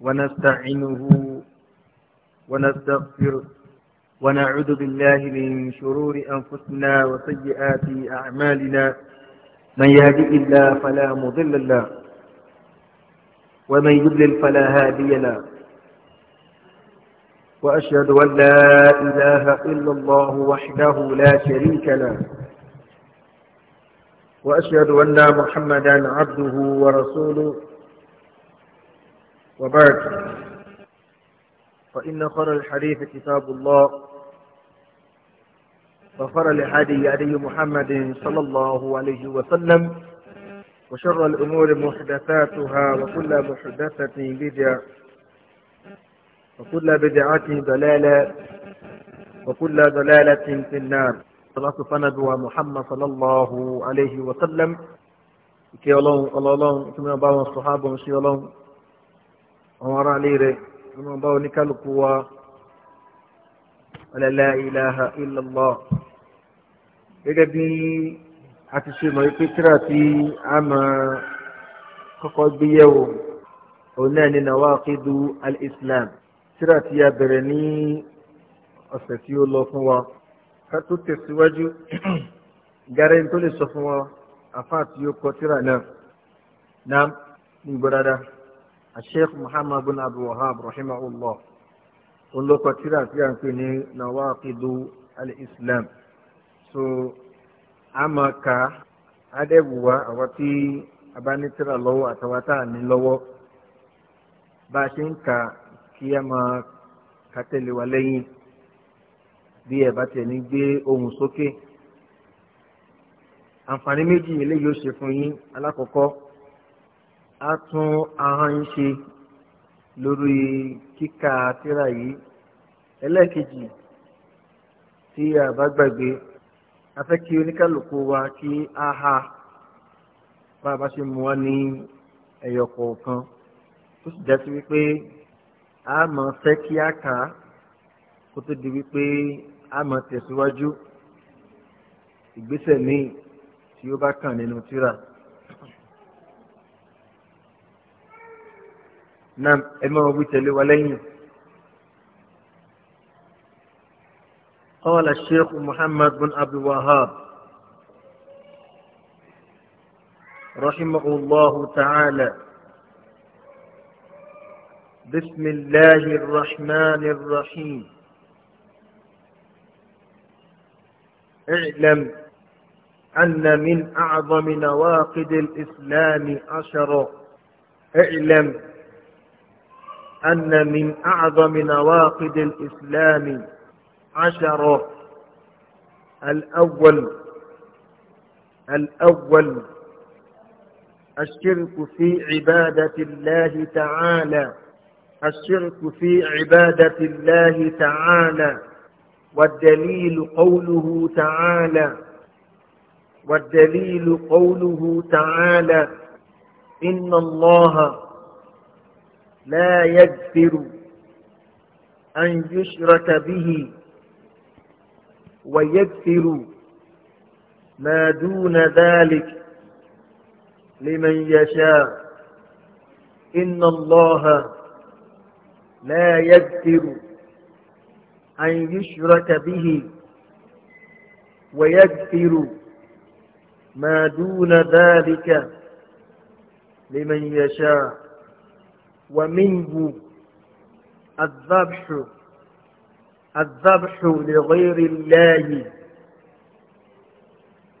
ونستعينه ونستغفره ونعوذ بالله من شرور أنفسنا وسيئات أعمالنا من يهدئ الله فلا مضل له ومن يضلل فلا هادي له وأشهد أن لا إله إلا الله وحده لا شريك له وأشهد أن محمدا عبده ورسوله وبعد فإن خر الحديث كتاب الله وخر الحدي علي محمد صلى الله عليه وسلم وشر الأمور محدثاتها وكل محدثة بدعة وكل بدعة ضلالة وكل ضلالة في النار صلاة فند محمد صلى الله عليه وسلم كي الله الله الله كما بعض الصحابة مشي الله àwọn ará ilé rẹ̀ ọmọ bá oníkálukú wa la ilaha illallah gẹ́gẹ́ bí a ti ṣe mọ̀ wípé tíra tí a máa kọ́kọ́ gbé yẹ̀wò òun náà ni nawaqidu al-islam tíra tí a bẹ̀rẹ̀ ní ọ̀sẹ̀ tí ó lọ fún wa ká tó tẹ̀síwájú gárẹ́ tó lè sọ fún wa àfáà tí ó kọ tíra náà náà ní gbọ́dáadáa. الشيخ محمد بن عبد الوهاب رحمه الله ونلقى تيرا تيرا كني نواقض الإسلام so ama ka adẹ́wùwá àwọn tí abánitira lọ́wọ́ àtàwọn tá à ní lọ́wọ́ bá a ṣe ń kà kí a máa ka tẹ̀lé wa lẹ́yìn bí ẹ bá tẹ̀ ní gbé ohùn sókè àǹfààní méjì eléyìí ó ṣe fún yín alákọ̀ọ́kọ́ a tún ahọ́n ń ṣe lórí kíka tírà yìí ẹlẹ́ẹ̀kejì tí a bá gbàgbé a fẹ́ kí oníkálukú wa kí a ha bá a bá ṣe mú wa ní ẹ̀yọ̀ kọ̀ọ̀kan tó sì já wípé a máa fẹ́ kí a kà á kó tó di wípé a máa tẹ̀síwájú ìgbésẹ̀ míì tí ó bá kàn nínú tírà. نعم إمام máa wí tẹ̀lé قال الشيخ محمد بن أبي وهاب رحمه الله تعالى بسم الله الرحمن الرحيم اعلم أن من أعظم نواقد الإسلام عشر اعلم أن من أعظم نواقض الإسلام عشرة الأول الأول الشرك في عبادة الله تعالى الشرك في عبادة الله تعالى والدليل قوله تعالى والدليل قوله تعالى إن الله لا يغفر أن يشرك به ويغفر ما دون ذلك لمن يشاء إن الله لا يغفر أن يشرك به ويغفر ما دون ذلك لمن يشاء ومنه الذبح الذبح لغير الله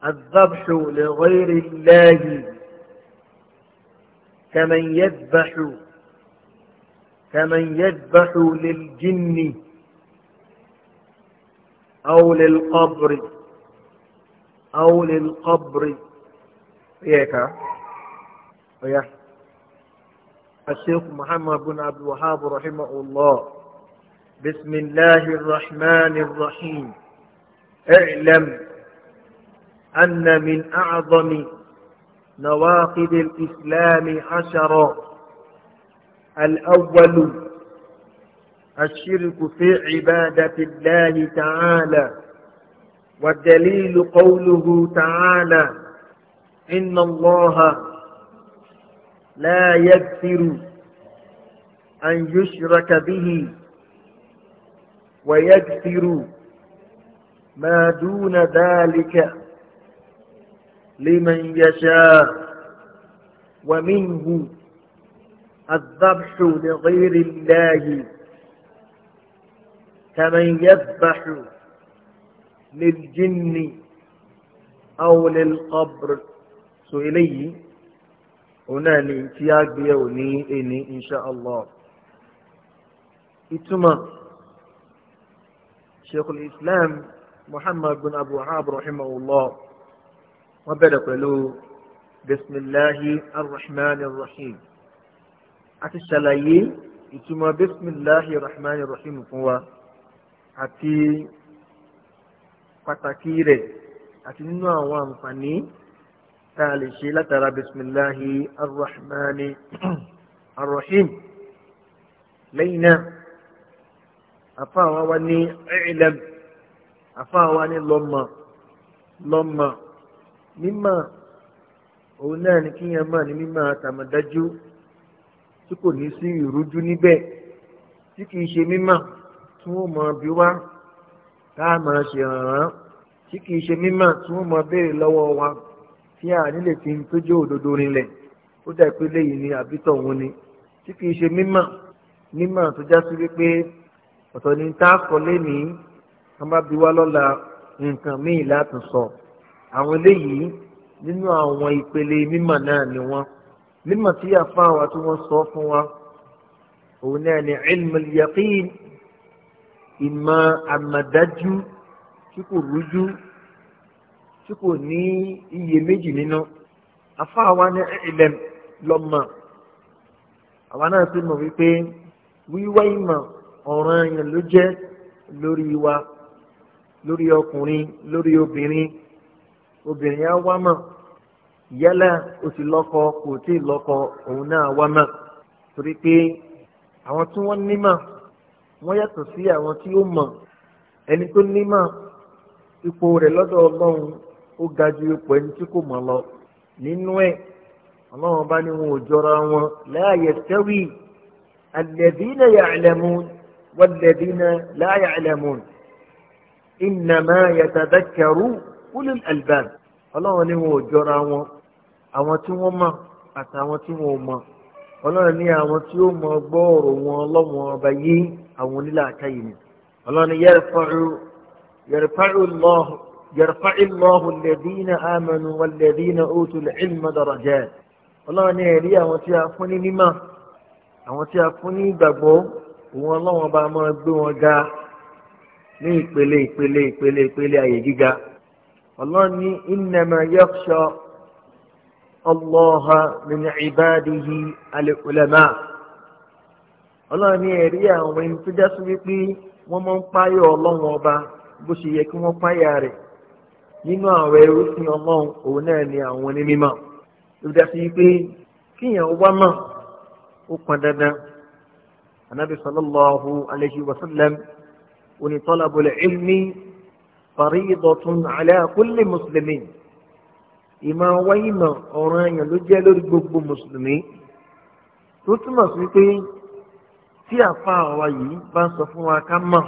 الذبح لغير الله كمن يذبح كمن يذبح للجن أو للقبر أو للقبر إيه كا إياك الشيخ محمد بن عبد الوهاب رحمه الله بسم الله الرحمن الرحيم اعلم أن من أعظم نواقض الإسلام عشرة الأول الشرك في عبادة الله تعالى والدليل قوله تعالى إن الله لا يكثر أن يشرك به ويكثر ما دون ذلك لمن يشاء ومنه الذبح لغير الله كمن يذبح للجن أو للقبر سئليه òun náà ni tí a gbé ẹ̀ ní ẹni insha allah ìtumọ̀ sheikhul islam muhammad bin abu wahab rahimahullah wọ́n bẹ̀rẹ̀ pẹ̀lú bisimilahi arrahman arrahim àti ṣàlàyé ìtumọ̀ bisimilahi arrahman arrahim fún wa àti pàtàkì rẹ̀ àti nínú àwọn àǹfààní tá a lè ṣe látara bisimilahi arrahmani arrahim lẹ́yìn náà afa wa wa ní ẹ̀ẹ́lẹ́m afa wa ní lọ́mọ lọ́mọ mímọ̀ òun náà ni kíyàn mọ̀ ní mímọ̀ àtàmọ̀dájú tí kò ní sí ìrújú níbẹ̀ tí kìí ṣe mímọ̀ tí wọ́n mọ̀ bí wá tá a máa ṣe hàn án tí kìí ṣe mímọ̀ tí wọ́n mọ̀ béèrè lọ́wọ́ wa tí a nílè fi ń tójú òdodo rinlẹ̀ ó dà pé léyìí ni àbítọ̀ òun ni tí kìí ṣe mímọ̀ mímọ̀ tó já sí wípé ọ̀tọ̀ ni tá a kọ lénìí wọn bá bi wá lọ́la nǹkan míì láti sọ àwọn eléyìí nínú àwọn ìpele mímọ̀ náà ni wọ́n mímọ̀ tí àfa wa tí wọ́n sọ fún wa òun náà ni ilmul ìmọ̀ àmàdájú tí kò rújú tí kò ní iye méjì nínú afa wa ní ilẹ̀m lọ́mọ àwa náà ti mọ̀ wípé wíwá ìmọ̀ ọ̀ràn yẹn ló jẹ́ lórí wa lórí ọkùnrin lórí obìnrin obìnrin á wá mọ̀ yálà o ti lọ́kọ kò tí ì lọ́kọ òun náà wá mọ̀ torí pé àwọn tí wọ́n nímọ̀ wọ́n yàtọ̀ sí àwọn tí ó mọ̀ ẹni tó nímọ̀ ipò rẹ̀ lọ́dọ̀ ọlọ́run ó ga ju ipò ẹni tí kò mọ̀ lọ nínú ẹ̀ ọlọ́run bá ní wọn ò jọra wọn la yastawi alladhina ya'lamun walladhina la ya'lamun innama yatadhakkaru ulul albab ọlọ́run ní wọn ò jọra wọn àwọn tí wọ́n mọ̀ àtàwọn tí wọn ò ọlọ́run ní àwọn tí ó mọ̀ gbọ́ wọn ọlọ́run ọba yé àwọn onílàákàyè ni ọlọ́run yẹrẹ fàrù yẹrẹ fàrù lọ́hùn. يرفع الله الذين آمنوا والذين أوتوا العلم درجات ọlọ́run ní ẹ̀rí àwọn tí a fún ní mímọ̀ àwọn tí a fún ní ìgbàgbọ́ òun ọlọ́run bá máa gbé wọn ga ní ìpele ìpele ìpele ìpele àyè gíga ọlọ́run ní innama yakhsha Allaha min ibadihi al-ulama ọlọ́run ní ẹ̀rí àwọn ẹni tó já sí wípé wọ́n máa ń páyọ̀ ọlọ́run ọba bó ṣe yẹ kí wọ́n páyà rẹ̀ nínú àwọn ẹrúsìn ọlọ́run òun náà ni àwọn onímọ̀ ló dá sí pé kíyàn wá mọ̀ ó pọn dandan anabi sallallahu alayhi wa sallam oni talabul ilmi faridatun ala kulli muslimin ìmọ̀ wáyìmọ̀ ọ̀ràn èèyàn ló jẹ́ lórí gbogbo mùsùlùmí tó túmọ̀ sí pé tí àfa àwa yìí bá ń sọ fún wa ká mọ̀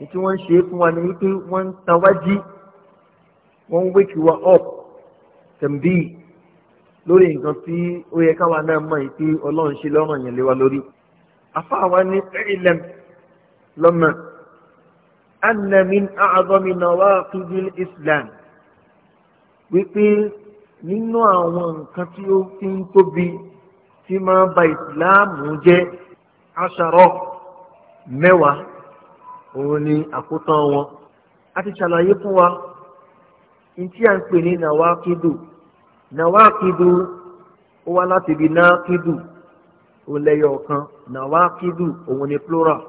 ní tí wọ́n ń ṣe é fún wa ni wípé wọ́n ń tan wá jí wọ́n ń wake wa up tẹ̀m̀bí lórí nǹkan tí ó yẹ káwa náà mọ̀ yìí pé ọlọ́run ṣe lọ́rùn yẹn lé wa lórí. afa wa ní ilẹ̀m lọ́mọ anna min a'zami nawaqidil islam wípé nínú àwọn nǹkan tí ó fi ń tóbi tí máa ba ìsìláàmù jẹ́ aṣarọ́ mẹ́wàá òun ni àkótán wọn a ti ṣàlàyé fún wa ní tí a ń pè ní nàwákìdù nàwákìdù ó wá láti ibi nákìdù òun lẹ́yọ ọ̀kan nàwákìdù òun ni plural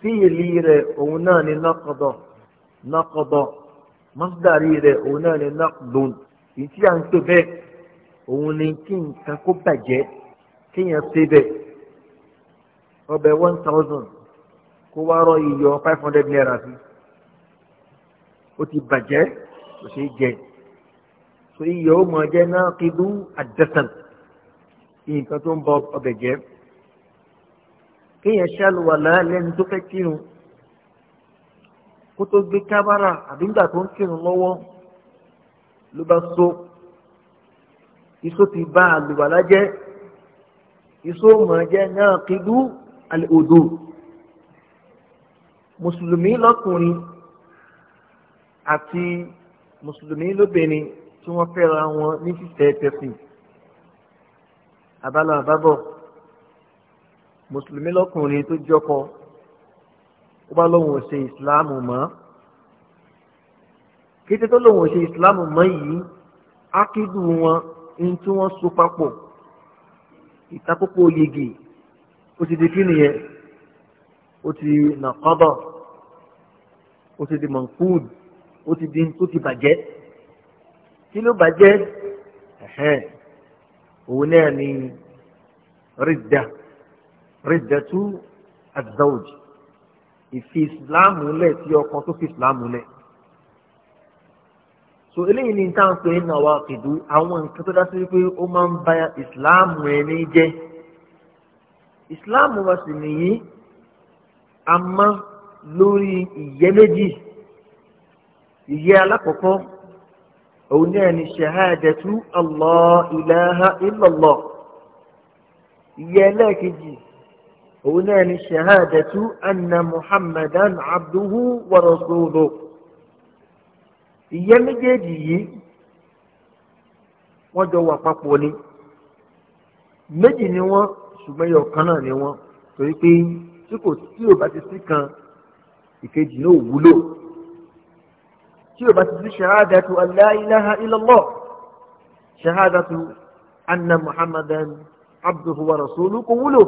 fíìlì rẹ̀ òun náà ni nàkọ̀dọ̀ nàkọ̀dọ̀ mọ́sídàrí rẹ̀ òun náà ni nàkùdùn ní tí a ń pè bẹ́ẹ̀ òun ni kí nǹkan kó bàjẹ́ kéèyàn ṣe bẹ́ẹ̀ ọbẹ̀ one thousand kó wá rọ iyọ̀ five hundred naira sí ó ti bàjẹ́ kò ṣeé jẹ so iyọ̀ ó mọ̀ jẹ́ náà kíndú àdẹ́sàn nǹkan tó ń bọ ọbẹ̀ jẹ́ kéèyàn ṣàlùwàlá lẹ́nu tó fẹ́ kírun kó tó gbé kábàrà àbí nígbà tó ń kírun lọ́wọ́ ló bá so iṣó ti bá àlùwàlá jẹ́ iṣó mọ̀ jẹ́ náà kíndú àlè odò mùsùlùmí lọ́kùnrin àti mùsùlùmí lóbìnrin tí wọ́n fẹ́ra wọn ní fífẹ́ tẹ̀sìn abala àbábọ̀ mùsùlùmí lọ́kùnrin tó jọkọ ó bá lóun ò ṣe ìsìláàmù mọ́ kété tó lóun ò ṣe ìsìláàmù mọ́ yìí ákídù wọn ní tí wọ́n so papọ̀ ìtakókò yege ó ti di kí nìyẹn ó ti nà kọ́bọ̀ ó ti di mankud ó ti di tó ti bàjẹ́ kí ló bàjẹ́ òun náà ni ridda ridda tu azawj ìfi ìsìláàmù lẹ̀ sí ọkàn tó fi ìsìláàmù lẹ̀ so eléyìí ni tá à ń pè ní àwọn àkìdú àwọn nǹkan tó dá sí ó máa ń ba ìsìláàmù ẹni jẹ́ ìsìláàmù wa sì nìyí àmọ́ lórí ìyẹ́ méjì ìyẹ́ alákọ̀ọ́kọ́ òun náà ni ṣahadatu allah ilaha illallah ìyẹ́ ẹlẹ́ẹ̀kejì òun ni ṣahadatu anna muhammadan abduhu wa rasuluhu ìyẹ́ méjèèjì yìí wọ́n jọ wà ni méjì ni wọ́n ṣùgbọ́n ẹyọ náà ni wọ́n torí pé tí kò ti sí kan ìkejì náà wúlò tí o bá ti di ṣahadatu alla ilaha illallah ṣahadatu anna muhammadan abduhu wa rasuluhu kò wúlò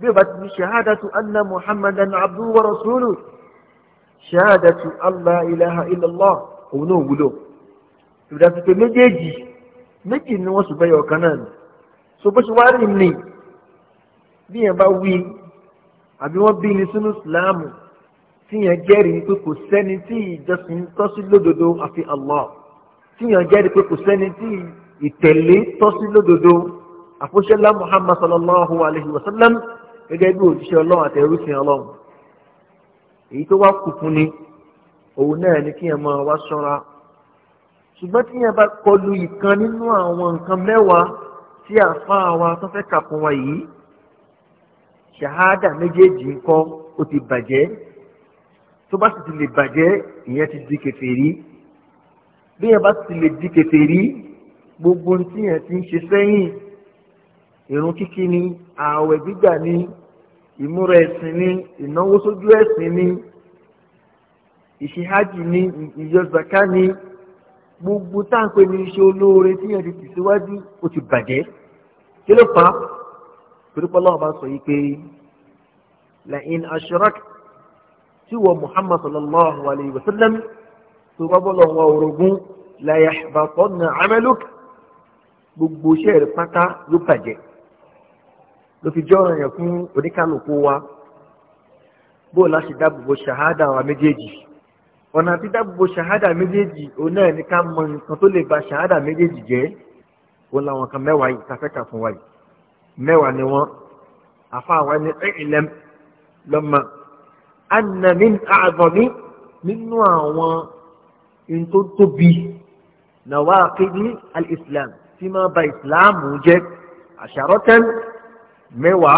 bí o bá ti di ṣahadatu anna muhammadan abduhu wa rasuluhu ṣahadatu alla ilaha illallah òun náà wúlò ìdásíkè méjèèjì méjì ni wọ́n sùn bẹ́yọ̀ kan náà so bó ṣe wá rìn ní bí yẹn bá wí àbí wọ́n bí ní sínú ìsìláàmù tíyàn jẹ́rìí pé kò sẹ́ni tí ìjọsìn tọ́ lódodo àfi Allah tíyàn jẹ́rìí pé kò sẹ́ni tí ìtẹ̀lé tọ́ sí lódodo àfọṣẹ́lá Muhammad sallallahu alayhi wa sallam gẹ́gẹ́ bí òjíṣẹ́ ọlọ́run àtẹ̀rú sí ọlọ́run èyí tó wá kù fún ni òun náà ni kíyàn máa wá ṣọ́ra ṣùgbọ́n tíyàn bá kọlu ìkan nínú àwọn nǹkan mẹ́wàá tí àfa àwa tó fẹ́ kà fún wa yìí ṣahada méjèèjì ń kọ́ ó ti bàjẹ́ tó bá sì ti lè bàjẹ́ ìyẹn ti di kèfèrí bí yẹn bá sì ti lè di kèfèrí gbogbo ohun tí yẹn ti ń ṣe sẹ́yìn ìrun kíkí ni ààwẹ̀ gbígbà ni ìmúra ẹ̀sìn ni ìnáwó sójú ẹ̀sìn ni ìṣehájì ni ìyọzàká ni gbogbo táǹpẹ̀ ní iṣẹ́ olóore tí yẹn ti tẹ̀síwájú ó ti bàjẹ́ kí ló fà á torípọ́ lọ́wọ́ bá sọ yìí pé la'in ashirak tí wọ́n muhammad sallallahu alayhi wa sallam tó bá bọ́lọ̀ wọn orogún la yahbatanna amaluk gbogbo iṣẹ́ rẹ̀ pátá ló bàjẹ́ ló fi jọ́ ọ̀ràn yẹn fún oníkálukú wa bóò láti dáàbòbò ṣàhádà wa méjèèjì ọ̀nà àti dáàbòbò ṣàhádà méjèèjì òun náà ní ká mọ nǹkan tó lè ba ṣàhádà méjèèjì jẹ́ òun làwọn kan mẹ́wàá yìí ká fẹ́ kà fún wa yìí mẹ́wàá ni wọ́n àfáàwọn ní ẹ̀ẹ́lẹ́m lọ́mọ anami àgọ̀mí nínú àwọn ntó tóbi nàwa akéde alìsílám tí máa ba ìsìláàmù jẹ́ àṣàrọ́tẹ́n mẹ́wàá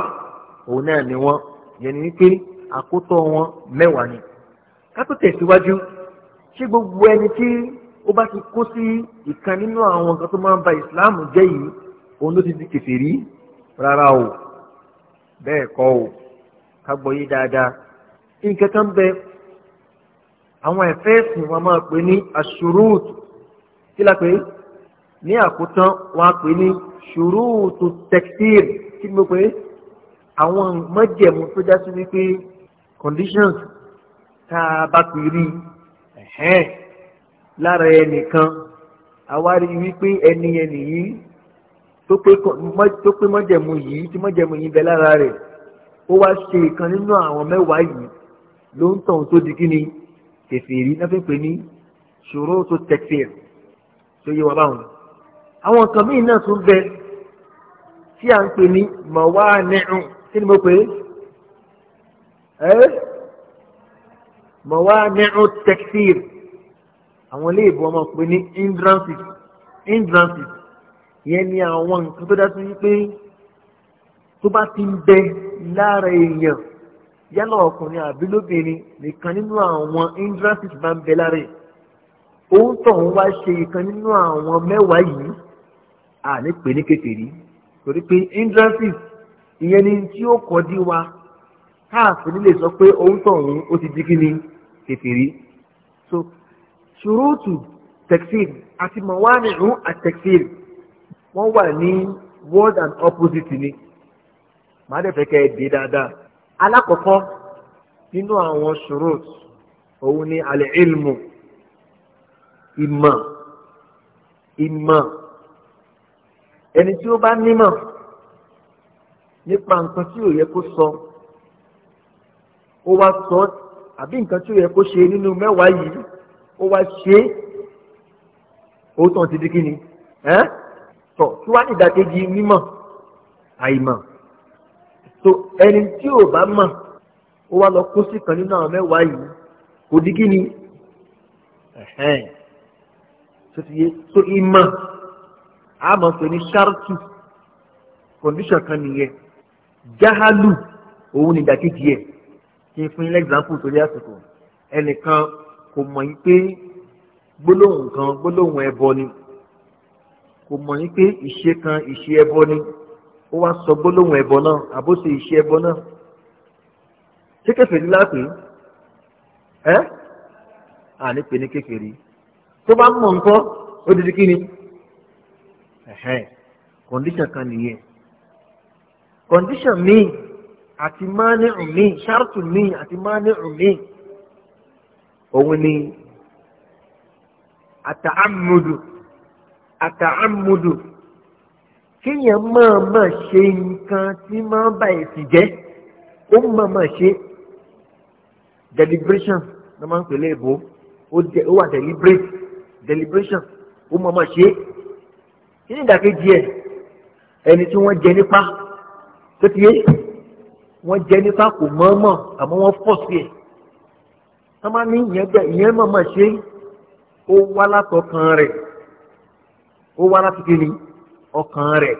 òun náà ni wọ́n yẹn ni pé àkótọ́ wọn mẹ́wàá ni ká tẹ̀síwájú ṣé gbogbo ẹni tí ó bá ti kó sí ìkan nínú àwọn nǹkan tó máa ba ìsìláàmù jẹ́ yìí òun ló ti di kèfèrí rárá o bẹ́ẹ̀ kọ́ o ká gbọ́ yí dáadáa nǹkan kan bẹ àwọn ẹ̀fẹ́ ẹ̀sìn wọn máa pè ní aṣurúùtù kí la pè é ní àkótán wọn á pè ní ṣurúùtù tẹkítírì kí ló pè àwọn mọ́jẹ̀mú tó já sí wípé conditions tá a bá pè rí lára ẹnìkan àwa rí wípé ẹni ẹnì yìí tó pé mọ́jẹ̀mú yìí tí mọ́jẹ̀mú yìí bẹ lára rẹ̀ ó wá ṣe ìkan nínú àwọn mẹ́wàá yìí ló ń tàn tó di kí ni kẹfìrí náà fi pè ní ṣòro tó tẹ̀síẹ̀ tó yé wa báwọn. àwọn nǹkan míì náà tún bẹ tí à ń pè ní mọ̀wá nẹ́rùn kí ni mo pè é mọ̀wá nẹ́rùn tẹ̀síẹ̀ àwọn ilé ìbọn ọmọ pè ní hindrances hindrances yẹn ni àwọn nǹkan tó dá sí wípé tó bá ti ń bẹ lára èèyàn yálà ọkùnrin àbí lóbìnrin nìkan nínú àwọn indransis máa ń bẹ lára ẹ̀ òun tọ̀hún wá ṣe ìkan nínú àwọn mẹ́wàá yìí àní pè ní kékeré torí pé indransis ìyẹn ni tí ó kọ́ dí wa káàfin nílé sọ pé òun tọ̀hún ó ti di kí ni kékeré so ṣòro tù tẹ̀síìrì àti mọ̀wánìrún àtẹ̀síìrì wọ́n wà ní word and opposite ni màá dẹ̀ fẹ́ kẹ́ ẹ dé dáadáa alákọ̀ọ́kọ́ nínú àwọn shurut òun ni alẹ́ ilmu ìmọ̀ ìmọ̀ ẹni tí ó bá nímọ̀ nípa nǹkan tí ò yẹ kó sọ ó wá sọ àbí nǹkan tí ò yẹ kó ṣe nínú mẹ́wàá yìí ó wá ṣe é ó tàn ti di kí ni Eh? tọ̀ kí wá ìdàkejì mímọ̀ àìmọ̀ so ẹni tí ò bá mọ̀ ó wá lọ kó sí kan nínú àwọn mẹ́wàá yìí kò di kíni so ti yé so ìmọ̀ àmọ̀ pé ní ṣáàtù condition kan nìyẹn jahalu òun ni ìdàkejì ẹ̀ kí n fún yín lẹ́gbàmpù torí àsìkò ẹnìkan kò mọ̀ yín pé gbólóhùn kan gbólóhùn ẹbọ ni kò mọ̀ yín pé ìṣe kan ìṣe ẹbọ ni ó wá sọ gbólóhùn ẹbọ náà àbóṣe ìṣe ẹbọ náà ṣé kèfèrí lápè ẹ́ àní pè ní kèfèrí tó bá mọ̀ nǹkan ó di kí ni kọ̀ǹdíṣàn kan nìyẹn kọ̀ǹdíṣàn míì àti mánì míì ṣáàtù míì àti mánì míì òun ni àtàámùdù àtàámúdù kéèyàn máa máa ṣe nǹkan tí máa bá èsì jẹ́ ó máa máa ṣe deliberation ló máa ń pèlè ìbò ó wà deliberate deliberation ó máa máa ṣe kí ni ìdàkejì ẹ ẹni tí wọ́n jẹ nípa tó ti yé wọ́n jẹ nípa kò mọ̀ọ́mọ̀ àmọ́ wọ́n fọ̀ sí ẹ̀ wọ́n máa ní ìyẹn máa máa ṣe ó wá látọkàn rẹ̀ ó wá láti kéde ọkàn rẹ̀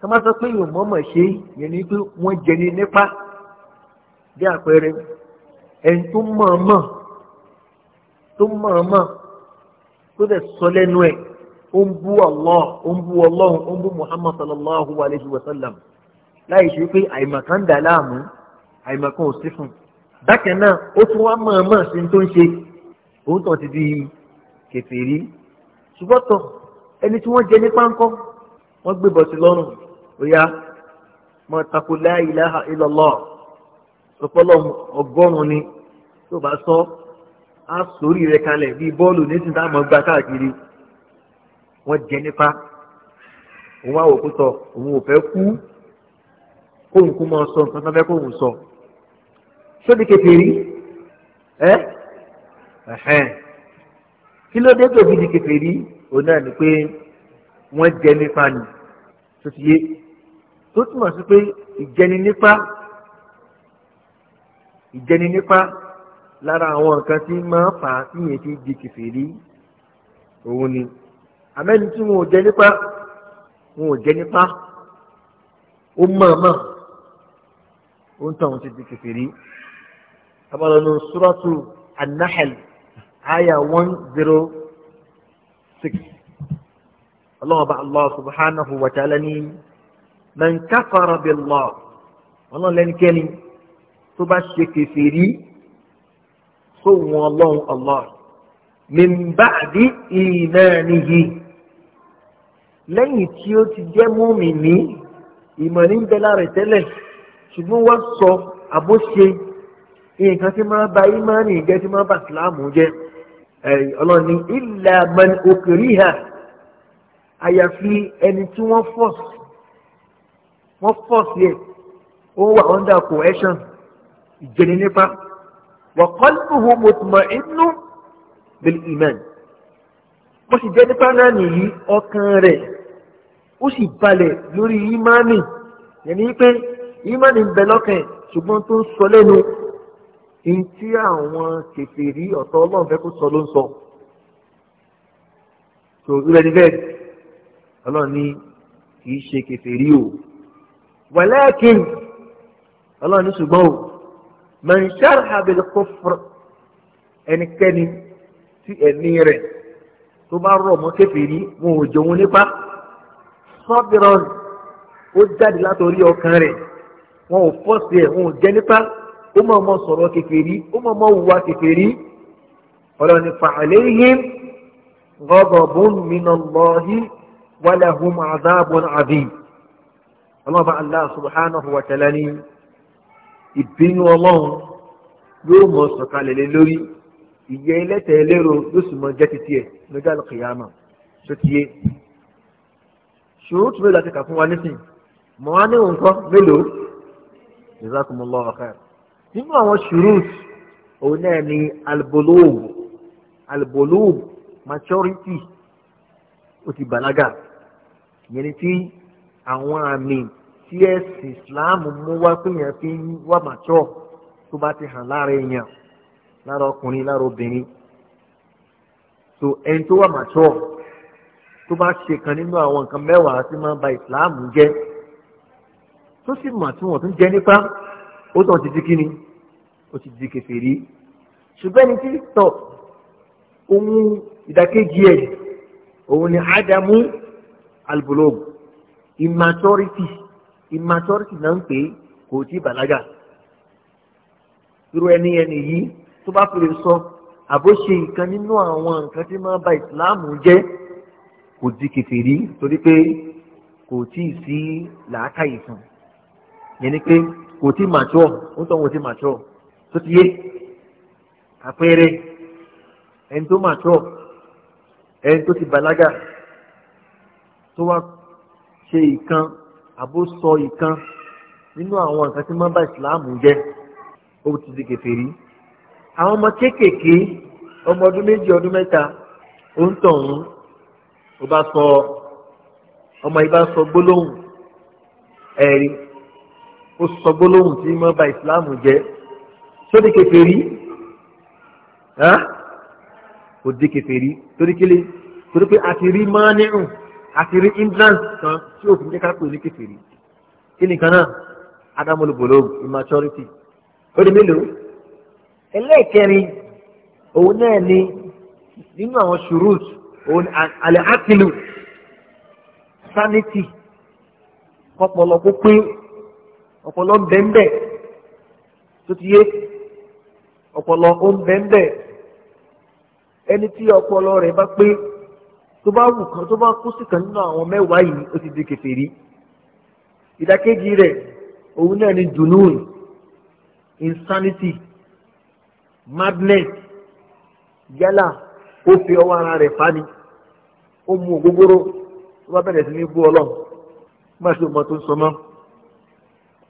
ká má sọ pé èèyàn mọ̀ọ́mọ̀ ṣe yẹn ni pé wọ́n jẹ ní nípa bí àpẹẹrẹ ẹni tó mọ̀ọ́mọ̀ tó mọ̀ọ́mọ̀ tó dẹ̀ sọ lẹ́nu ẹ̀ ó ń bú Allah ó ń bú ọlọ́run ó ń bú Muhammad sallallahu alayhi wa sallam láì ṣe pé àìmọ̀kan dà láàmú àìmọ̀kan ò sí fún bákan náà ó tún wá mọ̀ọ́mọ̀ sí tó ń ṣe òun tàn ti di kèfèrí ṣùgbọ́n tán ẹni tí wọ́n jẹ ní páńkọ́ wọ́n gbé bọ̀sí lọ́rùn òyà máa tako la ilaha illallah ọpọlọ ọgọ́rùn-ún ni tó bá sọ á sórí rẹ kalẹ̀ bíi bọ́ọ̀lù nísìnyí tá a mọ̀ gba káàkiri wọ́n jẹ nípa òun á wò kó sọ òun ò fẹ́ kú kóhùn kú máa sọ nǹkan tó fẹ́ kóhùn sọ sódì kèfèrí ẹ ẹ̀hẹ́n kí ló dé tó fi di kèfèrí òun náà ni pé wọ́n jẹ nípa nì tó ti yé tó túmọ̀ sí pé ìjẹni nípa ìjẹni nípa lára àwọn nǹkan tí máa fà á síyẹn ti di kìfìrí òun ni àmẹ́ni tí wọn ò jẹ nípa wọn ò jẹ nípa ó mọ̀ọ́mọ̀ ó ń tàn wọn ti di kìfìrí abalọ́nu suratu an-Nahl aya one zero six ọlọ́run bá allah subhanahu wa ta'ala ní man kafara billah ọlọ́run lẹ́nikẹ́ni tó bá ṣe kèfèrí sóhun ọlọ́run allah min ba'di imanihi lẹ́yìn tí ó ti jẹ́ mùmínì ìmọ̀ ní bẹ́ẹ̀ lára tẹ́lẹ̀ ṣùgbọ́n wọ́n sọ àbóṣe nǹkan tí máa ba ìmánì jẹ́ tí máa ba ìsìláàmù jẹ́ ọlọ́run ní ilà man ukriha àyàfi ẹni tí wọ́n force wọ́n force yẹ ó wà under coercion ìjẹni nípa wa qalbuhu mutma'innu bil iman bó sì jẹ́ nípa náà nìyí ọkàn rẹ̀ ó sì balẹ̀ lórí ìmánì yẹn pé ìmánì ń bẹ lọ́kàn ṣùgbọ́n tó ń sọ lẹ́nu ntí àwọn kèfèrí ọ̀tọ̀ ọlọ́run fẹ́ kó sọ ló ń sọ tó rẹ̀ ní bẹ́ẹ̀ ọlọ́run ní kì í ṣe kèfèrí o walakin ọlọ́run ní ṣùgbọ́n o man sharha bil kufr ẹnikẹ́ni tí ẹ̀mí rẹ̀ tó bá rọ̀ mọ́ kèfèrí wọn ò jẹun nípa sọ́bìrán ó jáde látọ̀rí ọkàn rẹ̀ wọn ò fọ́ọ̀sì ẹ̀ wọn ò jẹ́ nípa ó máa mọ sọ̀rọ̀ kèfèrí ó máa mọ hùwà kèfèrí ọlọ́run ní fa'alayhim ghadabun minallahi wa lahum adhabun adhim ọlọ́run bá Allah subhanahu wa ta'ala ní ìbínú ọlọ́run yóò mọ sọ̀kalẹ̀ lé lórí ìyẹ́ ẹlẹ́tẹ̀ ẹlẹ́rọ yóò sì mọ jẹ́ títí ẹ̀ lọ́jọ́ àlùkìyàmà tó ti yé ṣòro tún mélòó àti kà fún wa nísìn mọ̀ á ní nǹkan mélòó jazakumullahu khair nínú àwọn shurut òun náà ni alboloob alboloob maturity ó ti bàlágà yẹn ni tí àwọn àmì tí ẹ̀sìn Islam mú wá pé yẹn fi wá mature tó bá ti hàn lára èèyàn lára ọkùnrin lára obìnrin so ẹni tó wà mature tó bá ṣe kan nínú àwọn nǹkan mẹ́wàá tí máa ń ba Islam jẹ́ tó sì mà tí wọ́n tún jẹ́ nípa ó tàn ti di kíni ó ti di kèfèrí ṣùgbọ́n ẹni tí tọ̀ ohun ìdàkejì ẹ̀ òun ni ádámù albulogh immaturity immaturity náà ń pè é kò tí ì bàlágà irú ẹni ẹni yìí tó bá fi lè sọ àbó ṣe nǹkan nínú àwọn nǹkan tí máa ba ìsìláàmù jẹ́ kò di kèfèrí torí pé kò tí ì sí làákàyè fún yẹn ni pé kò tí mature ó tọ́ wọn ti mature tó ti yé àpẹẹrẹ ẹni tó mature ẹni tó ti bàlágà tó wá ṣe ìkan àbó sọ ìkan nínú àwọn nǹkan tí máa bá ìsìláàmù jẹ ó ti di kèfèrí àwọn ọmọ kéékèèké ọmọ ọdún méjì ọdún mẹ́ta ó ń tàn ọ́n ó bá sọ ọmọ yìí bá sọ gbólóhùn ẹ̀rí ó sọ gbólóhùn tí mo bà ìsìláàmù jẹ́ sódì kèfèrí kò di kèfèrí torí kílé torí pé a ti rí mánìrùn a ti rí hindrance kan tí òfin jẹ́ ká pè ní kèfèrí kí nìkan náà adámọ́lùbọ̀lọ́ immaturity ó di mélòó ẹlẹ́ẹ̀kẹrin òun náà ni nínú àwọn shurut òun alẹ́ àtìlù sanity kọpọlọ kó pé ọpọlọ ń bẹ ń bẹ tó ti yé ọpọlọ ó ń bẹ ń bẹ ẹni tí ọpọlọ rẹ̀ bá pé tó bá wù kan tó bá kú sí kan nínú àwọn mẹ́wàá yìí ó ti di kèfèrí ìdàkejì rẹ̀ òun náà ni dunun insanity madness yálà ó fi ọwọ́ ara rẹ̀ fani ó mu ògógóró tó bá bẹ̀rẹ̀ sí ní bú ọlọ́run má ṣe mọ tó ń sọ mọ́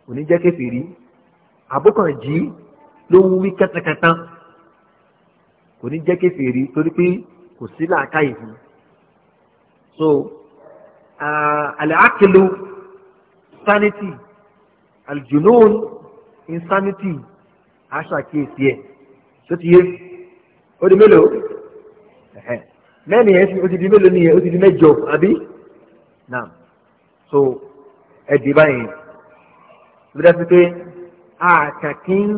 kò ní jẹ́ kèfèrí àbúkàn jí ló ń wí kẹtẹkẹtẹ kò ní jẹ́ kèfèrí torí pé kò sí làákàyè fún so àlẹ́ uh, àkìlù sanity aljunoon insanity aṣọ àkíyèsí ẹ̀ tó ti yé ó di mélòó mẹ́rin yẹn ó ti di mélòó nìyẹn ó ti di mẹ́jọ àbí naam so ẹ̀ dì báyìí ìbílẹ̀ sí pé àkàkí ń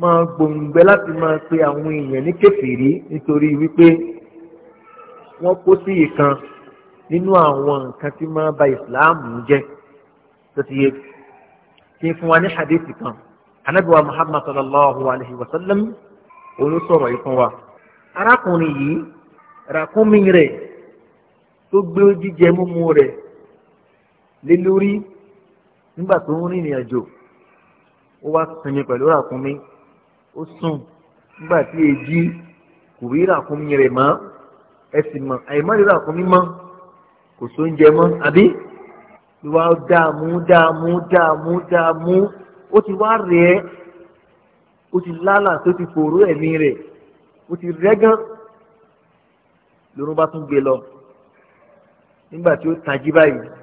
máa gbòǹgbẹ láti máa pe àwọn èèyàn ní kèfèrí nítorí wípé wọ́n kó sí ìkan nínú àwọn nǹkan tí máa ba ìsìláàmù jẹ́ tó ti yẹ kí n fún wa ní hadithi kan anabiwa muhammad sallallahu alayhi wa sallam olùsọ̀rọ̀ yìí fún wa arákùnrin yìí ràkúnmí rẹ̀ tó gbé jíjẹ múmu rẹ̀ lé lórí nígbà tó ń rìnrìn àjò ó wá sinmi pẹ̀lú ràkúnmí ó sùn nígbà tí èjì kò rí ràkúnmí rẹ̀ mọ́ ẹ sì mọ̀ àìmọ́ rí ràkúnmí mọ́ kò sóúnjẹ mọ́ àbí ìwà dààmú dààmú dààmú dààmú ó ti wá rẹ̀ ẹ́ ó ti lálà tó ti fòró ẹ̀mí rẹ̀ ó ti rẹ́gán lórun bá tún gbé lọ nígbà tí ó tají báyìí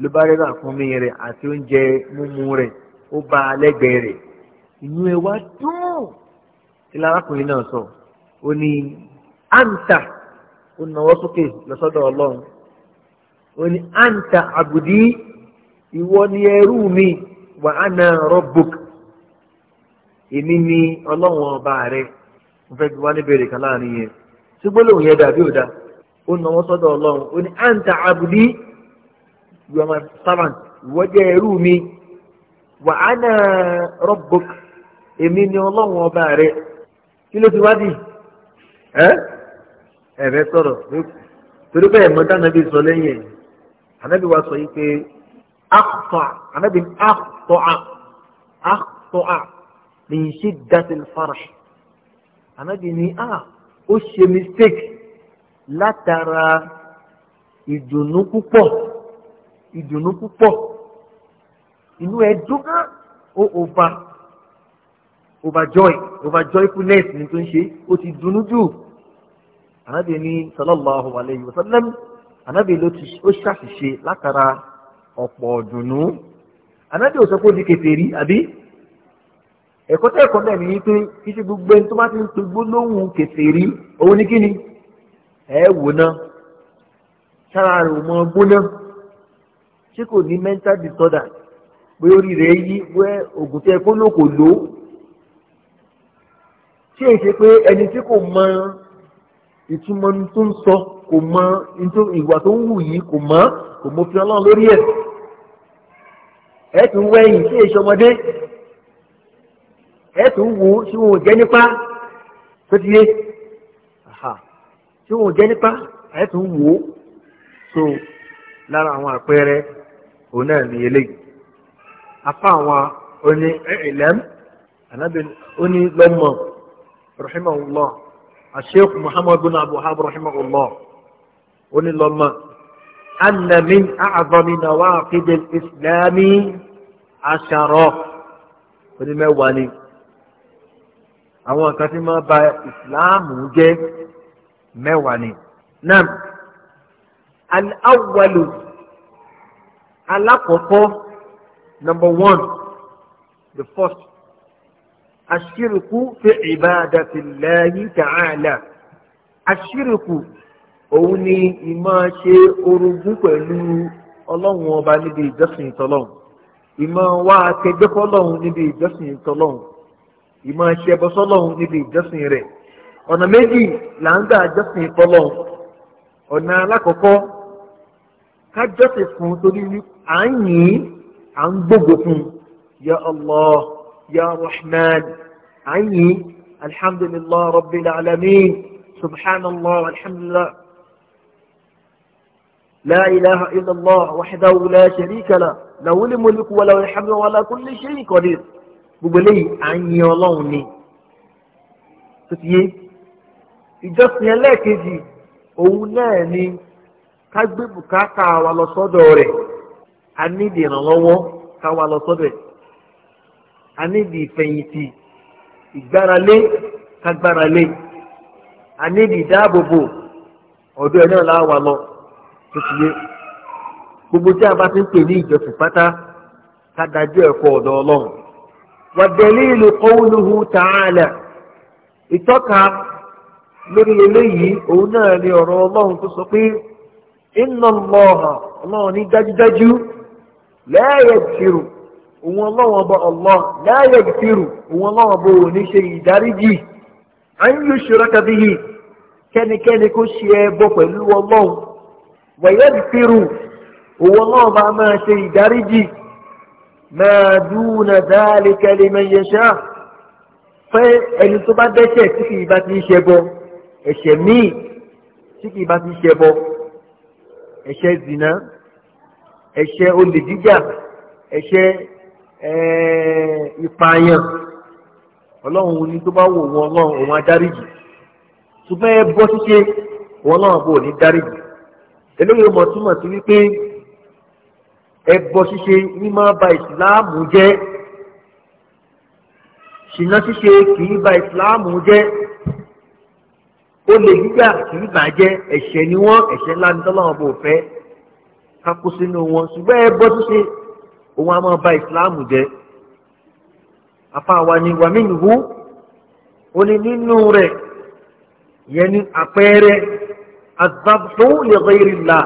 ló bá rẹ́rà fún mi rẹ̀ àti oúnjẹ múmu rẹ̀ ó bá a lẹ́gbẹ̀ẹ́ rẹ̀ inú ẹ wá dùn kí lárakùnrin náà sọ ó ní àǹtà ó náwó sókè lọ́sọ́dọ̀ ọlọ́run ó ní àǹtà àbùdí ìwọ ni ẹrú mi wà á na rọ́bùk èmi ni ọlọ́run ọba rẹ̀ mo fẹ́ fi wá ní bèrè kan láàrin yẹn ṣùgbọ́n lóun yẹn dàbí ò da ó náwó sọ́dọ̀ ọlọ́run ó ní àǹtà àbùdí you are my servant ìwọ jẹ́ ẹrú mi wà á nà rabbuk èmi ni ọlọ́run ọba rẹ kí ló ti wá dì ẹ́ ẹ̀rẹ́ sọ̀rọ̀ torí bẹ́ẹ̀ mọ dánábì sọ lẹ́yìn ẹ̀ ànábì wa sọ yìí pé akutọ ànábì akutọ akutọ a min shiddatil farah ànábì ni a ó ṣe mistake látara ìdùnnú púpọ̀ ìdùnnú púpọ̀ inú ẹ dùn gan ah, ó ova overjoy joyfulness. ni tó ń ṣe ó ti dùnnú jù anabi ni sallallahu alayhi wa sallam anabi ló ti ó ṣàṣìṣe látara ọ̀pọ̀ dùnnú anabi ò sọ pé ó di kèfèrí àbí ẹ̀kọ́ tẹ́ ẹ̀kọ́ bẹ́ẹ̀ ni pé kí ṣe gbogbo ẹni tó bá ti ń pe gbólóhùn kèfèrí òun ni kí ni ẹ wò ná sára rẹ̀ ò mọ gbóná ṣé kò ní mental disorder bóyá orí rẹ̀ yí bóyá oògùn tẹ kó lò kò lò ó ṣé è ṣe pé ẹni tí kò mọ ìtumọ̀ tó ń sọ kò mọ ìwà tó ń wù yìí kò mọ kò mọ fi ọlọ́run lórí ẹ̀ ẹ tún wẹ̀yìn ṣé èṣe ọmọdé ẹ tún wò ó ṣé wọn ò jẹ́ nípa tó ti yé ṣé wọn ò jẹ́ nípa ẹ tún wò ó so lára àwọn àpẹẹrẹ òun náà ní eléyìí apá àwọn oní ìlẹ́m anábì oní lọ́mọ rahimahullah asheikh muhammad bin abu hab rahimahullah oní lọ́mọ anna min a'zami nawaqid al-islami ashara oní mẹ́wàá ni àwọn kan tí máa ba ìsìláàmù jẹ́ mẹ́wàá ni. nam al-awwalu. alákọ̀ọ́kọ́ number one the first aṣírìkú fi ibadatillahi ta'ala aṣírìkú òun ni ìmọ̀ ṣe orogún pẹ̀lú ọlọ́run ọba níbi ìjọsìn ìtọ́lọ́run ìmọ̀ wá akẹgbẹ́ fọlọ́run níbi ìjọsìn ìtọ́lọ́run ìmọ̀ ṣe ẹbọ níbi ìjọsìn rẹ̀ ọ̀nà méjì là ń gbà jọsìn ìtọ́lọ́run ọ̀nà alákọ̀ọ́kọ́ kájọ́sìn fún torí à ń yìn à ń gbogbo fún ya allah ya rahman à ń yìn alhamdulillah rabbil alamin subhanallah alhamdulillah la ilaha illallah wahdahu la sharika la lahu al-mulku wa lahu al-hamdu wa ala kulli shay'in qadir gbogbo eléyìí à ń yìn ọlọ́run ni tó ti yé ìjọsìn ẹlẹ́ẹ̀kejì òun náà ni ka gbé bùkátà wa lọ sọ́dọ̀ rẹ̀ a nídìí ìrànlọ́wọ́ wa lọ a nídìí ìfẹ̀yìntì ìgbáralé ká gbáralé a ìdáàbòbò lọ tó ti gbogbo tí a bá ti ń pè ní ìjọsìn pátá ká dájú ẹ̀kọ́ ọ̀dọ̀ ọlọ́run lórí eléyìí òun inna Allaha ọlọ́run ní dájúdájú la yaghfiru òun ọlọ́run ọba Allah la yaghfiru òun ọlọ́run ọba òun ní ṣe ìdáríjì an yushraka bihi kẹ́nikẹ́ni kó ṣe ẹbọ pẹ̀lú ọlọ́run wa yaghfiru òun ọlọ́run ọba máa ṣe ìdáríjì ma duna dhalika liman yasha fẹ́ ẹni tó bá dẹ́ṣẹ̀ tí kì í bá ti ṣẹbọ ẹ̀ṣẹ̀ míì tí kì í bá ti ṣẹbọ ẹ̀ṣẹ̀ zina ẹ̀ṣẹ̀ olè jíjà ẹ̀ṣẹ̀ ìpààyàn ọlọ́run ní tó bá wò wọn ọlọ́run òun adáríjì ṣùgbọ́n ẹ bọ́ síṣe wọn ọlọ́run bò ní dáríjì eléyìí mọ̀ túmọ̀ sí wípé ẹ bọ́ síṣe ní máa ba ìsìláàmù jẹ́ ṣìnà ṣíṣe kì í ba ìsìláàmù jẹ́ ó lè gbígbà kì í bàjẹ́ ẹ̀ṣẹ̀ ni wọ́n ẹ̀ṣẹ̀ ńlá ni tọ́lọ́wọ́n bò fẹ́ kakú sínú wọn ṣùgbọ́n ẹ bọ́ tó ṣe òun á máa ba ìsìláàmù jẹ́ apá wa ni wàmíìnìhù ó ní nínú rẹ̀ yẹn ní àpẹẹrẹ azabtu li ghayri Allah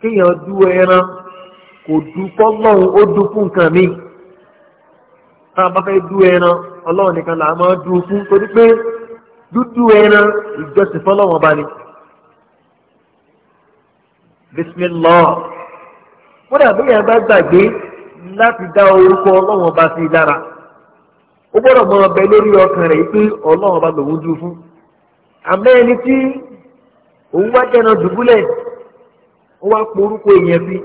kéèyàn du ẹran kò du fọlọ́hún ó du fún nǹkan mi tá a bá fẹ́ du ẹran ọlọ́run nìkan là á máa du fún torí pé dúdú ẹran ìjọsìn fọlọ́wọ́n bá ní. bisimilá kódà bí yàrá bá gbàgbé láti dá orúkọ ọlọ́wọ́n bá sí i lára ó gbọ́dọ̀ mọ ọbẹ̀ lórí ọkàn rẹ̀ pé ọlọ́wọ́n bá lòun dúró fún. àmọ́ ẹni tí òun wá jẹ́ náà dùbúlẹ̀ ó wá pọ orúkọ ìyẹn bí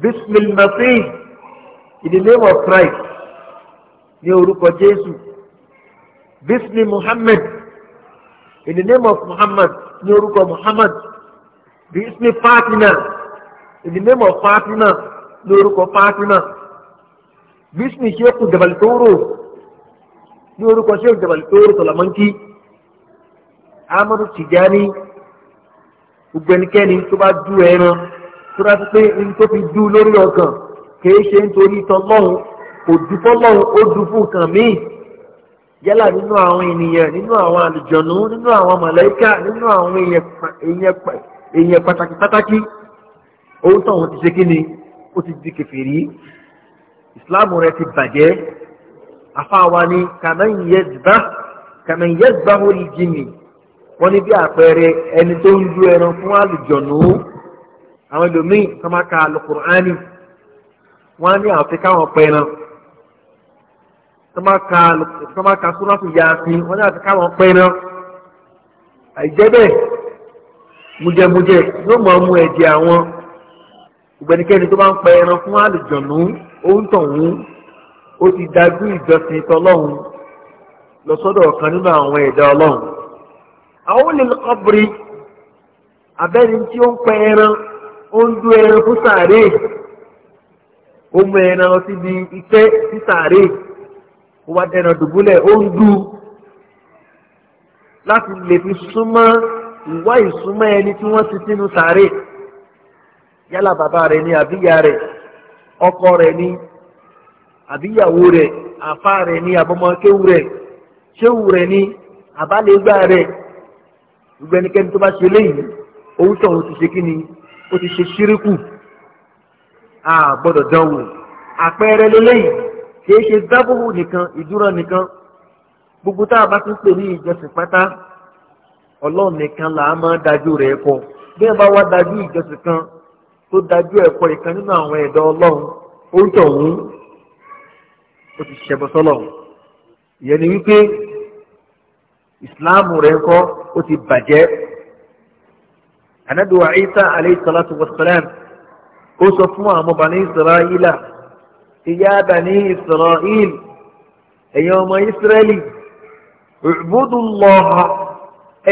bisimilá sí in the name of Christ ní orúkọ Jésù bismi muhammad in the name of muhammad ní orúkọ muhammad bismi fatima in the name of fatima ní orúkọ fatima bismi sheikh jabalitoro ní orúkọ sheikh jabalitoro sọlọmọnkì amadu tijani gbogbo ẹnikẹ́ni tó bá du ẹran tó bá ti pé n tó fi du lórí ọkàn kì ṣe nítorí tọlọ́hún kò dupọ́ lọ́hún ó du fún nǹkan míì yálà nínú àwọn ènìyàn nínú àwọn àlùjọ̀nù nínú àwọn màláíkà nínú àwọn èèyàn pàtàkì pàtàkì ohun tóun ti ṣe kí ni ó ti di kèfèrí ìsìláàmù rẹ ti bàjẹ́ afáwa ni kàmáyézbá kàmáyézbá orí jìnnì wọ́n ní bí àpẹẹrẹ ẹni tó ń ju ẹran fún àlùjọ̀nù àwọn ẹlòmíì kọ́ máa ka alukur'ani wọ́n á ní àwọn fi káwọn pẹ́ẹ́ràn tó máa ka súrátù Yásìn wọ́n ní àti káwọn pẹ́ náà àìjẹ́ bẹ́ẹ̀ mujẹmujẹ yóò máa mú ẹ̀jẹ̀ àwọn ìgbẹ́nikẹ́ni tó bá ń pa ẹran fún àlùjọ̀nù òun tọ̀hún ó ti dájú ìjọsìn tọlọ́hun lọ sọ́dọ̀ ọ̀kan nínú àwọn ẹ̀dá ọlọ́hun. àwọn olè ọ̀bùrì abẹ́ni tí ó ń pa ẹran ó ń dú ẹran fún sàárè ó mú ẹran síbi iṣẹ́ sí sàárè ó wá dẹnu dùbúlẹ̀ ó ń dú láti lè fi súnmọ́ ìwá ìsúnmọ́ ẹni tí wọ́n ti sínú sàárè yálà bàbá rẹ̀ ni àbíyá rẹ̀ ọkọ rẹ̀ ni àbíyàwó rẹ̀ àfa rẹ̀ ni àbọ̀mọkéwù rẹ̀ ṣéwù rẹ̀ ni àbálégbà rẹ̀ gbogbo ẹnikẹ́ni tó bá ṣe léyìí owó tó ń ti ṣe kí ni ó ti ṣe ṣíríkù àgbọ̀dọ̀ dánwò àpẹẹrẹ lélẹ́yìí kìí ṣe dábòbò nìkan ìdúró nìkan gbogbo tá a bá ti ń pè ní ìjọsìn pátá ọlọ́run nìkan là á máa dájú rẹ̀ kọ bí ẹ bá wá dájú ìjọsìn kan tó dájú ẹ̀kọ́ ìkan nínú àwọn ẹ̀dọ́ ọlọ́run ó ń tọ̀ wọ́n ó ti ṣẹbọ sọ́lọ̀ ìyẹn ni wípé ìsìláàmù rẹ̀ kọ́ ó ti bàjẹ́ anabiwa isa aleyhi salatu wa salam ó sọ fún àwọn ọmọ bani israẹla. يا بني إسرائيل أيوم إسرائيل اعبدوا الله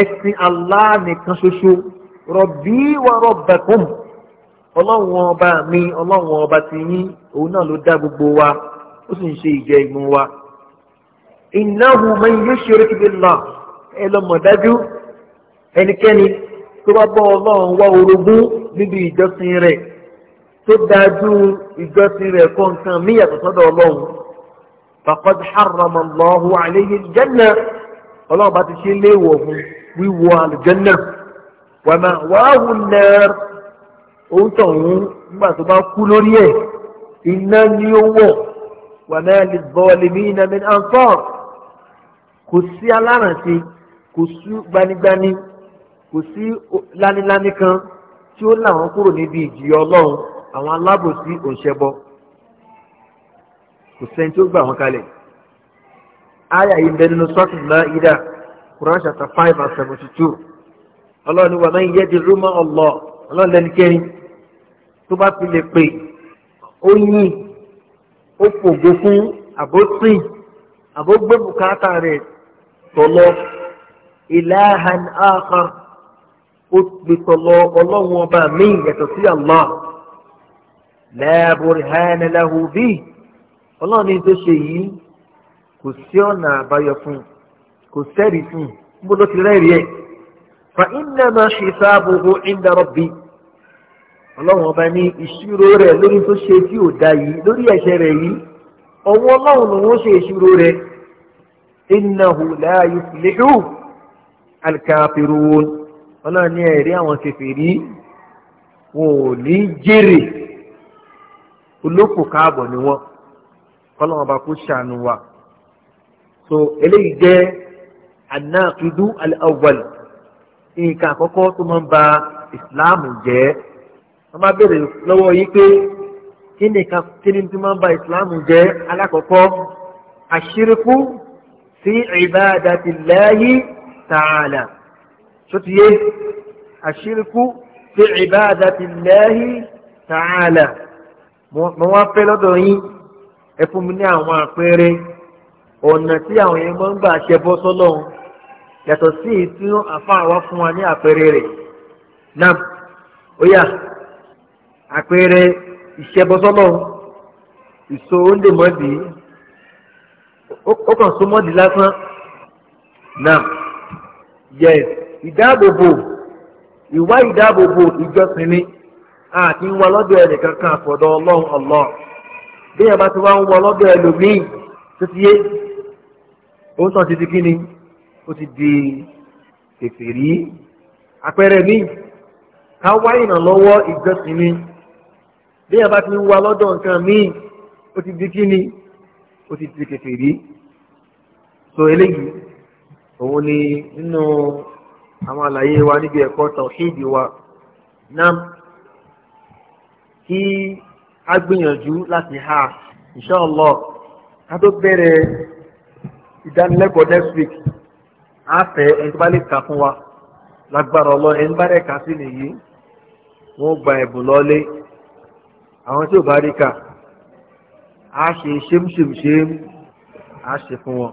ẹ̀sìn Allah nìkan ṣoṣo rọ̀bí wa rọ̀bẹ̀kùn ọlọ́run ọba mi ọlọ́run ọba ti yín òun náà ló dá gbogbo wa ó sì ń ṣe ìjẹ ìmú wa. innahu man yushrik billah ẹ lọ́mọ̀dájú ẹnikẹ́ni tó bá bọ́ ọlọ́run wá orogún níbi ìjọsìn rẹ̀ tó dájú ìjọsìn rẹ̀ kọ́ nǹkan mí yàtọ̀ sọ́dọ̀ ọlọ́run faqad harrama Allahu alayhi al-janna ọlọ́run bá ti ṣe léèwọ̀ fún wíwọ àlùjànnà wa ma'wahu an-nar òun tọ̀hún nígbà tó bá kú lórí ẹ̀ iná ni ó wọ̀ wa ma lizzalimina min ansar kò sí alárànṣe kò sí gbanigbani kò sí lániláni tí ó làwọn kúrò níbi ìjìyà ọlọ́run àwọn alábòsí òǹṣẹbọ kò sẹ́ni tí ó gbà wọn kalẹ̀ àyà yìí bẹ nínú sọ́ọ̀tì Maida Quran chapter five and seventy two ọlọ́ọ̀ni wà máa ń yẹ́ di rúmọ́ ọlọ́ ọlọ́ọ̀lẹ́nikẹ́ni tó bá fi lè pè ó yìn ó fògo fún àbótìn àbógbébùkátà rẹ̀ tọ̀lọ́ ilahan akhar ó pè tọ̀lọ́ ọlọ́run ọba míì yàtọ̀ sí Allah la burhana lahu bihi ọlọ́run ní tó ṣe yìí kò sí ọ̀nà àbáyọ fún un kò sẹ́rìí fún un níbo ló ti rẹ́rìí ẹ̀ fa innama hisabuhu inda rabbi ọlọ́run ọba ní ìṣirò rẹ̀ lórí tó ṣe tí ò da yìí lórí ẹ̀ṣẹ̀ rẹ̀ yìí ọwọ́ ọlọ́run ló wọ́n ṣe ìṣirò rẹ̀ innahu la yuflihu al ọlọ́run ní ẹ̀rí àwọn kèfèrí wọn ní jèrè olóko káàbọ̀ ni wọ́n kọ́lọ́wọ́n bá kó ṣàánú wa so eléyìí jẹ́ anáàtúndú al-awwal nǹkan àkọ́kọ́ tó máa ń ba ìsìláàmù jẹ́ wọ́n máa bèrè lọ́wọ́ yìí pé kí nìkan kí ni tó máa ń ba ìsìláàmù jẹ́ alákọ̀ọ́kọ́ àṣírikú sí ìbádàtìláyé tààlà sotiye àṣírikú sí ìbádàtìláyé tààlà mo wá fẹ́ lọ́dọ̀ yín ẹ fún mi ní àwọn àpẹẹrẹ ọ̀nà tí àwọn yẹn máa ń gbà ṣe bọ́ sọ́lọ́run yàtọ̀ sí èyí tí àfáà wá fún wa ní àpẹẹrẹ rẹ̀ náà ó yà àpẹẹrẹ ìṣẹ́bọ́sọ́lọ́run ìṣó oúnjẹ mọ́dì ó kàn so mọ́dì lásán náà yẹ ìdáàbòbò ìwá ìdáàbòbò ìjọsìn ni. àti ń wá lọ́dọ̀ ẹnìkan kan àfọ̀dọ̀ ọlọ́run ọ̀lọ́ bí ẹ bá ti wá ń wá lọ́dọ̀ ẹlòmíì tó ti yé ó sàn ti di kí ni ó ti di kèfèrí àpẹẹrẹ mi ká wá ìrànlọ́wọ́ mi bí ẹ bá ti ń ti di kí ni ó ti di so eléyìí òun ni nínú àwọn àlàyé wa níbi wa náà. kí a gbìyànjú láti ha inshallah a tó bẹ̀rẹ̀ ìdánilẹ́kọ̀ọ́ next week a fẹ́ ẹni tó bá lè kà fún wa lágbára ọlọ́run ẹni bá rẹ̀ kà sí nìyí wọ́n gba ẹ̀bùn lọ́lé àwọn tí ò bá rí kà á ṣe ṣémṣémṣém á ṣe fún wọn.